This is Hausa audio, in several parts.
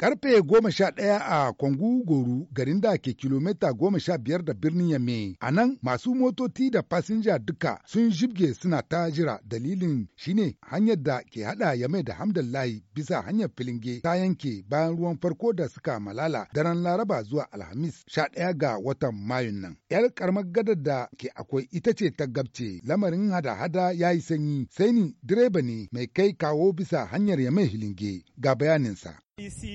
Karfe goma sha ɗaya a Kwangu Goru garin da ke kilomita goma sha biyar da birnin Yame. A nan masu motoci da fasinja duka sun jibge suna ta jira dalilin shine hanyar da ke hada Yame da Hamdallahi bisa hanyar filinge ta yanke bayan ruwan farko da suka malala daren Laraba zuwa Alhamis sha ɗaya ga watan Mayun nan. Yar karamar gadar da ke akwai ita ce ta gabce lamarin hada-hada ya yi sanyi sai ni direba ne mai kai kawo bisa hanyar Yame Hilinge ga bayaninsa.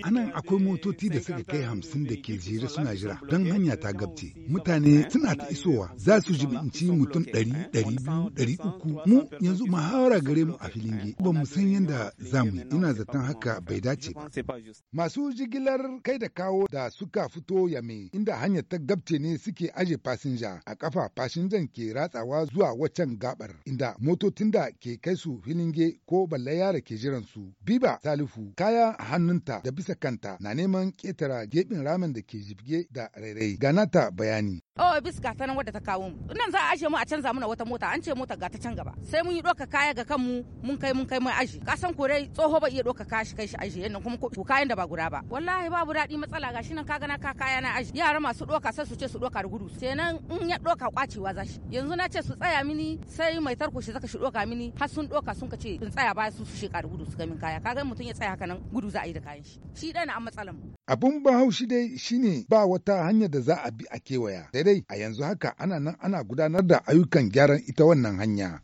Anan akwai motoci da suka kai hamsin da ke jere suna jira don hanya ta gabce. Mutane suna ta isowa za su jibinci mutum ɗari, ɗari biyu, ɗari uku. Mu yanzu mahawara gare mu a filinge ba mu san yadda za mu ina zaton haka bai dace ba. Masu jigilar kai da kawo da suka fito mai inda hanyar ta gabce ne suke aje fasinja a kafa fasinjan ke ratsawa zuwa waccan gabar inda motocin da ke kai su filinge ko balle yara ke jiran su. Biba Salifu kaya a hannunta da bisa kanta na neman ƙetara geɓin ramin da ke jibge da rairai. Ganata bayani. Oh, bis ga nan wadda ta kawo mu. Nan za a aje mu a canza mana wata mota, an ce mota ga ta can gaba. Sai mun yi doka kaya ga kanmu, mun kai mun kai mai aji Ka san kore tsoho ba iya doka kaya shi kai shi aji, yannan kuma ko kayan da ba guda ba. Wallahi babu daɗi matsala gashi nan ka gana ka kaya na aji Yara masu doka sai su ce su doka da gudu. Sai nan in ya doka kwacewa za shi. Yanzu na ce su tsaya mini sai mai tarko shi zaka shi doka mini har sun doka sun ka ce in tsaya ba su su sheka da gudu su ga min kaya. Kaga mutum ya tsaya haka nan gudu za a yi da kayan shi. Shi ɗana an matsalan mu. Abun ba dai shine ba wata hanya da za a bi a kewaya. dai a yanzu haka ana nan ana gudanar da ayyukan gyaran ita wannan hanya.